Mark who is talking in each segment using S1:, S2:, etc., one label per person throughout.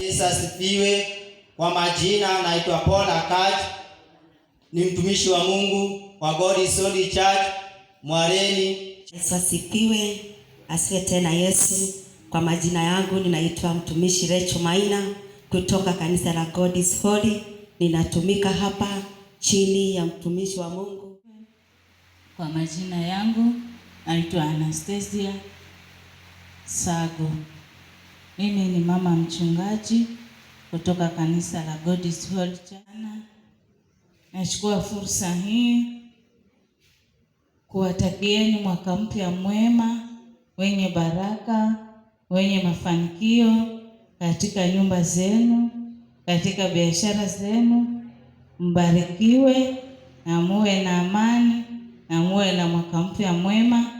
S1: Yesu asifiwe. Kwa majina naitwa Paul Akaji, ni mtumishi wa Mungu wa God is Holy Church Mwareni.
S2: Yesu asifiwe. Asifiwe tena Yesu. Kwa majina yangu ninaitwa mtumishi Recho Maina kutoka kanisa la God is Holy, ninatumika hapa chini ya mtumishi wa Mungu.
S3: Kwa majina yangu naitwa Anastasia Sago. Mimi ni mama mchungaji kutoka kanisa la God is Holy Church. Nachukua fursa hii kuwatakieni mwaka mpya mwema wenye baraka, wenye mafanikio katika nyumba zenu, katika biashara zenu, mbarikiwe na muwe na amani na muwe na mwaka mpya mwema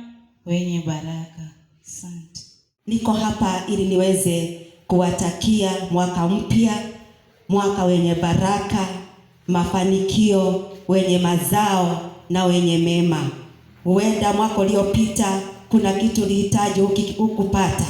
S3: wenye baraka. Asante.
S2: Niko hapa ili niweze kuwatakia mwaka mpya, mwaka wenye baraka, mafanikio, wenye mazao na wenye mema. Huenda mwaka uliopita kuna kitu ulihitaji hukupata,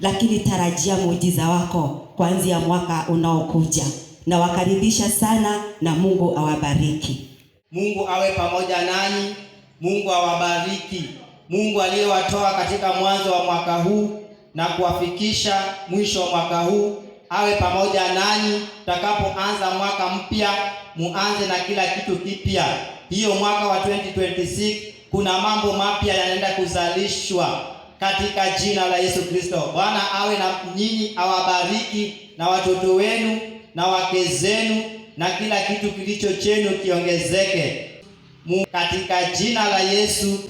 S2: lakini tarajia muujiza wako kuanzia mwaka unaokuja. Nawakaribisha sana na Mungu awabariki.
S1: Mungu awe pamoja nanyi. Mungu awabariki. Mungu aliyewatoa katika mwanzo wa mwaka huu na kuwafikisha mwisho wa mwaka huu. Awe pamoja nanyi takapoanza mwaka mpya, muanze na kila kitu kipya. Hiyo mwaka wa 2026 kuna mambo mapya yanaenda kuzalishwa katika jina la Yesu Kristo. Bwana awe na nyinyi, awabariki na watoto wenu na wake zenu na kila kitu kilicho chenu kiongezeke katika jina la Yesu.